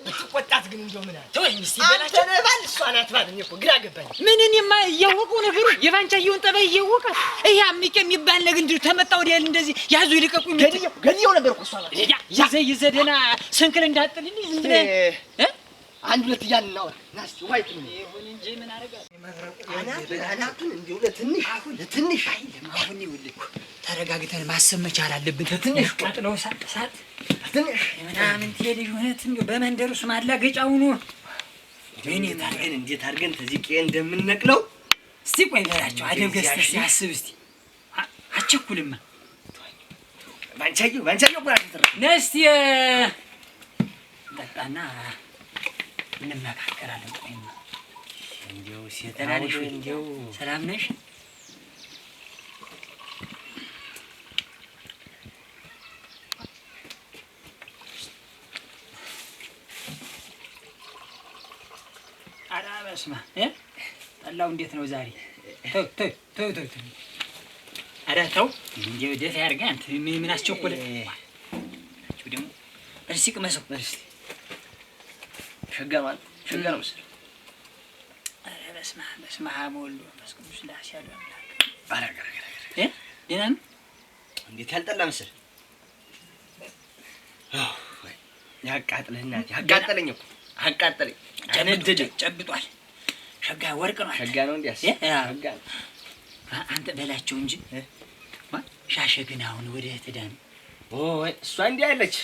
የምትቆጣት ግን እንደው ምን አለ አንተ ባል እሷ ናት ባል። እኔ እኮ ግራ ገባኝ። ምን እኔማ እያወቁ ነገሩ የባንቻየውን ጠባይ እያወቀ ይሄ አሚቄ የሚባል ነገር እንዲሁ ተመጣ ወዲያ እንደዚህ ያዙ ይልቀቁ ገድየው ነበር እኮ እሷ ናት። ይዘህ ይዘህ ደህና ስንክል እንዳጥልኝ አንድ ሁለት እያልን እናወራ ና እስኪ ዋይቱ ይሁን እንጂ ምን አደርጋለሁ። አናቱን እንዲሁ ለትንሽ ለትንሽ አሁን ይኸውልህ ተረጋግተን ማሰብ መቻል አለብን። ለትንሽ ቀጥለው ሳጥሳት ትንሽ ምናምን ልጅ እውነትም በመንደሩ ስም አላገጫው ነው። እንዴት አድርገን እንዴት አድርገን ተዚህ ቄ እንደምንነቅለው እስቲ ቆይ በላቸው። አደም ገዝተህ ሲያስብ እስቲ አቸኩልማ ባንቻዩ ባንቻዩ ብራ ትራ ነስቲ ጠጣና እንመካከራለን። ቆይማ እንዲያው ሲጠናልሽ እንዲያው ሰላም ነሽ? በስመ አብ ጠላው እንዴት ነው ዛሬ? ተው ተው ተው ኧረ ተው እንዴ ያርጋ። አንተ ምን አስቸኮለ? ደግሞ ሸጋ ነው ኧረ በስመ አብ በስመ አብ ቅዱስ ደህና ነው እንዴት ያልጠላ እኮ አቃጠለኝ። ጨብጧል ሸጋ ወርቅ ነው። ሸጋ ነው እንዴ? ሸጋ አንተ በላቸው እንጂ ሻሸ ግን አሁን ወደ ትዳን እሷ እንዲህ አለች።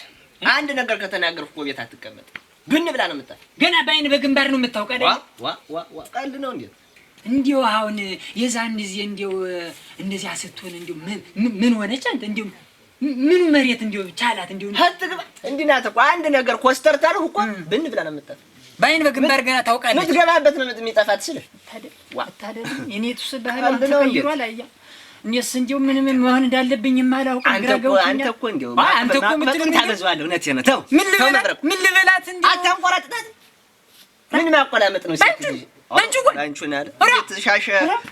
አንድ ነገር ከተናገርኩ እኮ ቤት አትቀመጥ ብን ብላ ነው የምታ ገና በአይን በግንባር ነው የምታውቀ አይደል? ዋ ነው እንዴ? እንዲው አሁን የዛን ጊዜ እንዲው እንደዚያ ስትሆን እንዲው ምን ሆነች አንተ እንዲው ምን መሬት እንዲው ቻላት እንዲው አትግባ እንዲህ እኮ አንድ ነገር ኮስተር ታልኩ እኮ ብን ብላ ነው የምታ በአይን በግንባር ገና ታውቃለች። ምትገባበት ነው የሚጠፋ ትችልሽ እኔስ እንዲሁ ምንም መሆን እንዳለብኝ የማላውቅ አንተ እኮ አንተ እኮ እንዲሁ አንተ እኮ ምትሉን ታበዛዋለህ። እውነቴን ነው። ተው ምን ልበላት? ምን ልበላት? እንዲሁ አታንቆራጥጣት። ምን ማቆላመጥ ነው? ሲት ልጅ ባንቹ ጎል ባንቹን አለ እንዴት ሻሸ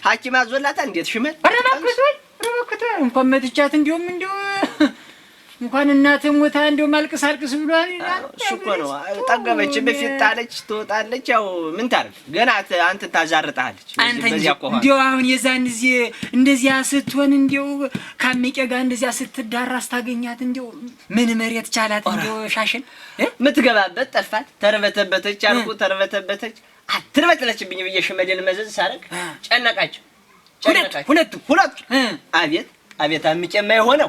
ሐኪም አዞላታ እንዴት ሽመል ኧረ እባክህ ተወኝ፣ ኧረ እባክህ ተወኝ። እንኳን መትቻት እንዲሁም እንዲሁ እንኳን እናትህ ሞታ እንዲሁ ማልቅስ አልቅስ ብሏል። እሱ እኮ ነው ጠገበች፣ በፊት ታለች ትወጣለች። ያው ምን ታርፍ ገና አንተ ታዛርጠሃለች። እንዲያው አሁን የዛን ጊዜ እንደዚያ ስትሆን እንዲው ካሜቄ ጋር እንደዚያ ስትዳራ ስታገኛት እንዲው ምን መሬት ቻላት እንዲው ሻሽን ምትገባበት ጠፋት። ተርበተበተች አልኩ ተርበተበተች። አትርበትለችብኝ ብዬ ሽመልን መዘዝ ሳረግ ጨነቃቸው፣ ጨነቃቸው ሁለቱ ሁለቱ አቤት አቤት አምጬማ የሆነው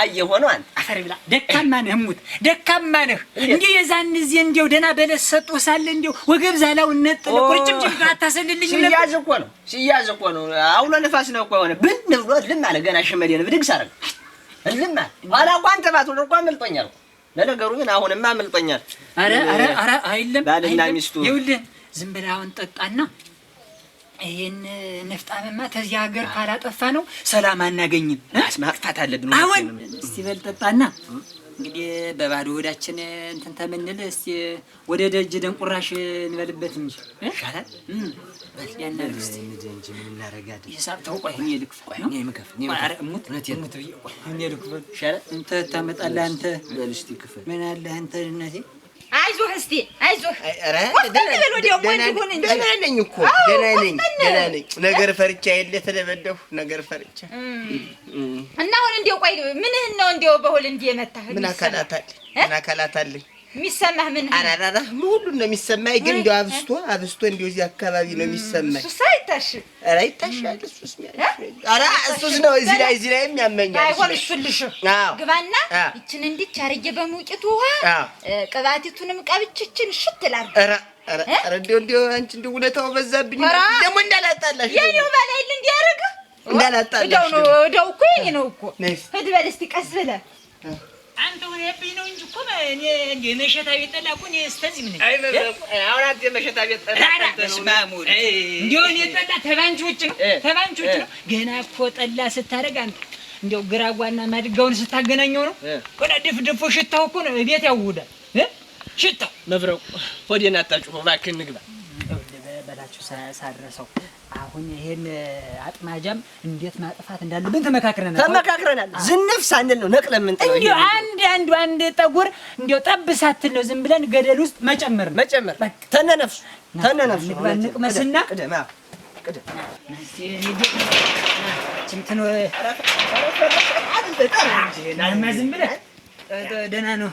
አየ ሆኖ አንተ አፈር ብላ ደካማ ነህ ሙት ደካማ ነህ። እንዲሁ የዛን ጊዜ እንዲሁ ደህና በለስ ሰጡህ ሳለ እንዲሁ ወገብ ነጥ ነጥል ቁርጭምጭም አታሰልልኝ ነበር። ሲያዝ እኮ ነው ሲያዝ እኮ ነው። አውሎ ነፋስ ነው እኮ የሆነ ብን ብሎ ልም አለ። ገና ሽመዴ ነው ብድግ ሳደርግ ልም አለ። ኋላ እንኳን ባት ወደ እንኳን አመልጦኛል። ለነገሩ ግን አሁንማ አመልጦኛል። አረ አረ አረ አይለም ባልና ሚስቱ ይኸውልህ ዝም ብለህ አሁን ጠጣና ይህን ነፍጣምማ ተዚህ ሀገር ካላጠፋ ነው ሰላም አናገኝም። ማጥፋት አለብን። አሁን እስቲ በል ጠጣና እንግዲህ በባዶ ወዳችን እንትን ተምንል እስቲ ወደ ደጅ ደንቁራሽ እንበልበት እንጂ ይሻላል። ሂሳብ ምን አለህ አንተ እናቴ አይዞህ እስቲ አይዞህ። ደህና ነኝ እኮ ደህና ነኝ ነገር ፈርቻ የለ ተደበደሁ። ነገር ፈርቻ እና አሁን እንደው ቆይ ምንህን ነው እንደው በሁል እንዲህ የመታህ? ምን አካላት አለኝ ምን አካላት አለኝ የሚሰማህ ምን? አራራራ ሁሉን ነው የሚሰማኝ፣ ግን እንደው አብስቶ አብስቶ እንደው እዚህ አካባቢ ነው የሚሰማኝ። እሱስ አይታሽም? ኧረ ይታሻል። እሱስ ኧረ እሱስ ነው እዚህ ላይ እዚህ ላይ የሚያመኛል። አይሆን እሱልሽ ግባና ይችን እንዲች አርጌ በሙቂቱ ውሃ ቅባቲቱንም ቀብችችን ሽትላል። ኧረ ኧረ እንደው እንደው አንቺ እንደው እውነታው በዛብኝ። ደግሞ እንዳላጣላሽ የኔው በላይ እንዲያደርግ እንዳላጣላሽ። እደው ነው እደው እኮ የኔ ነው እኮ ሂድ በል እስኪ ቀስ ብለህ አንተ ሆነብኝ ነው ገና እኮ ጠላ ስታደርግ አንተ እንደው ግራጓና ማድጋውን ስታገናኘው ነው ወላ ድፍ ድፎ ሽታው እኮ ነው ቤት ያውዳል። ሽታው መብረቁ ወዴና አታጩ እባክህ እንግባ ልንገራችሁ ሳድረሰው አሁን ይሄን አጥማጃም እንዴት ማጥፋት እንዳለብን ተመካክረናል ተመካክረናል። ዝንፍ ሳንል ነው ነቅለ ምን ጠይቅ እንዴ አንድ አንድ አንድ ጠጉር እንዴው ጠብ ሳትል ነው ዝም ብለን ገደል ውስጥ መጨመር መጨመር ተነነፍሱ ተነነፍሱ ንቅመስና ቅደማ ቅደማ እንትኑ ዝም ብለህ ደህና ነው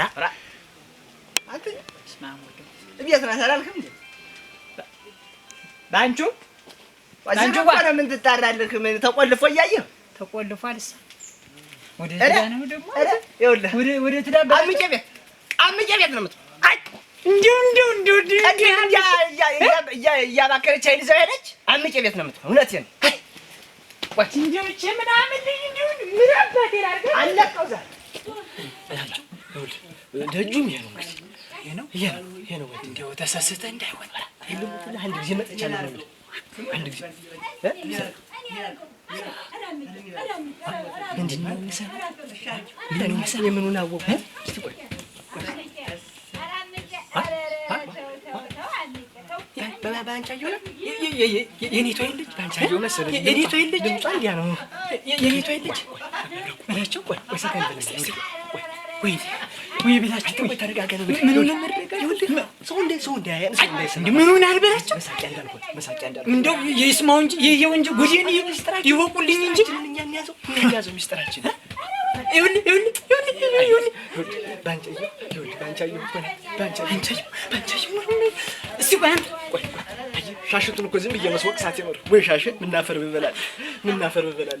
ራ ራ አንተ ስማሙ እቤት ናት አላልክም? በአንቹ በአንቹ ጋር ምን ትጣራለህ? ምን ተቆልፎ እያየህ ተቆልፏል። እሷ ወደ ትዳር ነው ደግሞ ይኸውልህ፣ ወደ ትዳር አምቄ ቤት አምቄ ቤት ነው የምትሆን። አይ እንዲሁ እንዲሁ እንዲሁ እንዲሁ እያባከነች አይደል? እዛው ሄደች። አምቄ ቤት ነው የምትሆን። እውነቴን ነው። ቆይ እንዲሁ እቺ ምናምን እንዲሁ ምን አባቴ ላድርግ አለቀው ዛሬ። ይኸውልህ ደጁም ይሄ ነው እንግዲህ ይሄ ነው ይሄ ነው የኔቷ ልጅ በአንቻየሁ መሰለኝ የኔቷ ልጅ ድምጿ እንዲያ ነው የኔቷ ልጅ እላቸው ቆይ ቆይ ወይ ቤታችሁ ወይ ተረጋጋ። እንደው ይስማው እንጂ ይየው እንጂ ጉዴን ይወቁልኝ እንጂ ሻሽቱን እኮ ዝም ብዬ መስወቅ ሳትኖር ወይ ሻሽ ምናፈር ብበላል ምናፈር ብበላል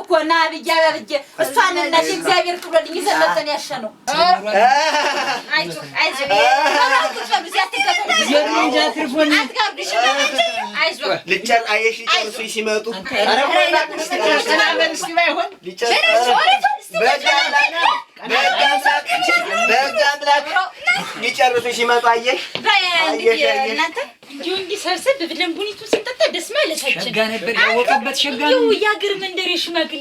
እኮ ና ብያ ብዬ እሷን እናቴ እግዚአብሔር ክብሎልኝ የሰመጠን ያሸ ነው። ሊጨርሱ ሲመጡ አየሽ እናንተ ደስ ማለታችን ሸጋ ነበር ያወቁበት ሸጋ ነው። የአገር መንደር የሽማግሌ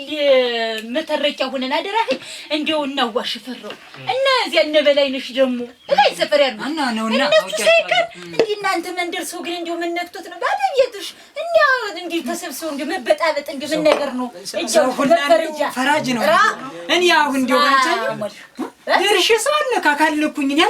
መተረኪያ ሆነን አደራህ እንዲያው እናዋሽ ፈረው እና እዚያ እነ በላይነሽ ደግሞ በላይ ሰፈር ያሉ እና ሳይቀር እንዲህ እናንተ መንደር ሰው ግን ምን ነክቶት ነው ባለቤትሽ እንዲህ ተሰብስበው እንዲህ መበጣበጥ እንዲህ ምን ነገር ነው? ፈራጅ ነው። እኔ አሁን ባንቻ ድርሽ ሰው አልነካ ካልነኩኝ እኔ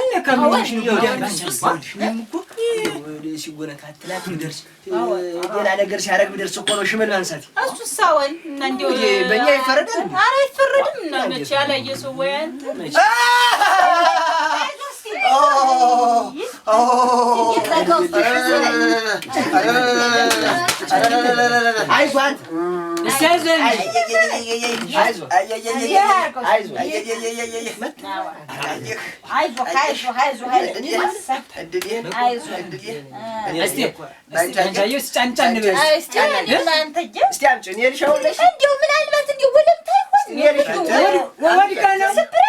ነገር ሲያደርግ ብደርስ እኮ ነው ሽመል ማንሳት። እሱሳ ወይ እና እንደው በእኛ አይፈረድም። ኧረ አይፈረድም እና መቼ አላየ ሰው ወይ አንተ ምናልባት እንዲሁ ወለምታ ይሆን ወድቃ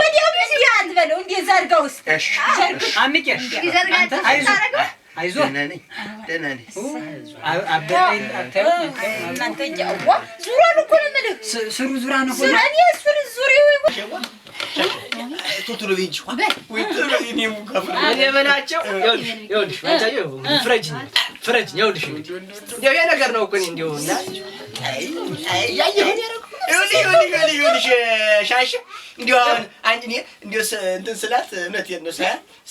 ወዲያው ጊዜ አንት በለው እንዴ ዘርጋ ውስጥ አምቄ አይዞህ አይዞህ ደህና ነኝ። እናንተ ዋ ዙሪያውን እኮ ነው የምልህ። ስሩ ዙሪያ ነው ፍረጅ ነገር ነው እኮ ይኸውልሽ ይኸውልሽ ይኸውልሽ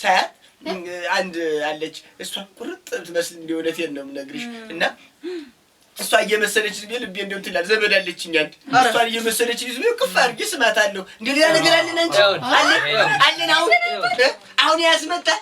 ሻሽ አንድ አለች እሷ ቁርጥ ትመስል እንዲያው እውነቴን ነው የምነግርሽ እና እሷ እየመሰለች ዝም ልቤ እንደው እንትን ዘመድ አለችኝ አንድ እሷን እየመሰለች ዝም ብዬ አድርጌ ስማታለሁ። እንደ ሌላ ነገር አለን አንቺ አለን አሁን አሁን ያስመጣል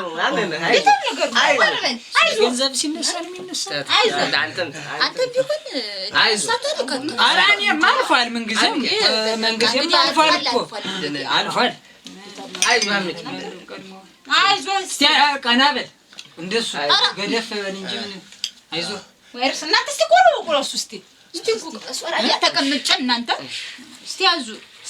ገንዘብ ሲነሳ የሚነሳ እኔማ አልፏል። ምንጊዜም ምንጊዜም ቆሎ እሱ እስኪ ተቀምጬ እናንተ እስኪ ያዙ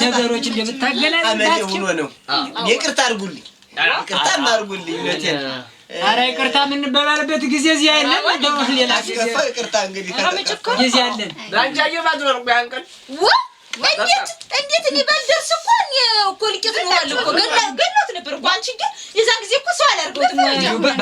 ነገሮች ይቅርታ አድርጉልኝ፣ ይቅርታ አድርጉልኝ። እውነቴን ኧረ ይቅርታ የምንበላልበት ጊዜ እዚህ የለም። እንደው ሌላ ይቅርታ እንግዲህ ጊዜ አለን። እንዴት እኔ ባልደርስ እኮ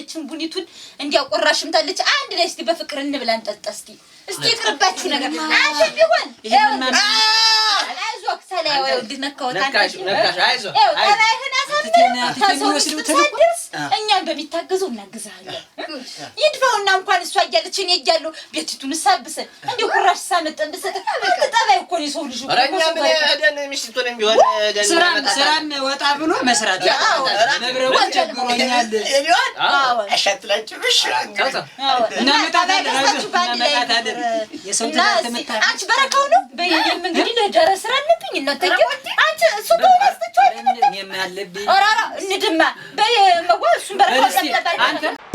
ያለችን ቡኒቱን እንዲያው ቆራሽም ታለች። አንድ ላይ እስቲ በፍቅር እንብላ እንጠጣ። እስቲ እስቲ ይቅርባችሁ ነገር አንተ ቢሆን አይዞህ ሰላም ወይ ወድ ነካውታ ነካሽ ነካሽ አይዞ አይዞህ ተባይህና ሳምር ተሰው ስትሳደስ በሚታገዙ እናግዛለን። ይድፈውና እንኳን እሷ እያለች እኔ እያለሁ ቤቲቱን ሳብሰ እንዲ ቁራሽ ሳመጠ እንድሰጥ ጠባይ እኮ የሰው ልጅ ስራም ወጣ ብሎ መስራት አንቺ በረካው ነው እንግዲህ ለደረ ስራ አለብኝ እናንተ አንቺ እሱ ከሆነ አስተቸዋለሁ እንደማ በመዋ እሱን በረካ ያጠባል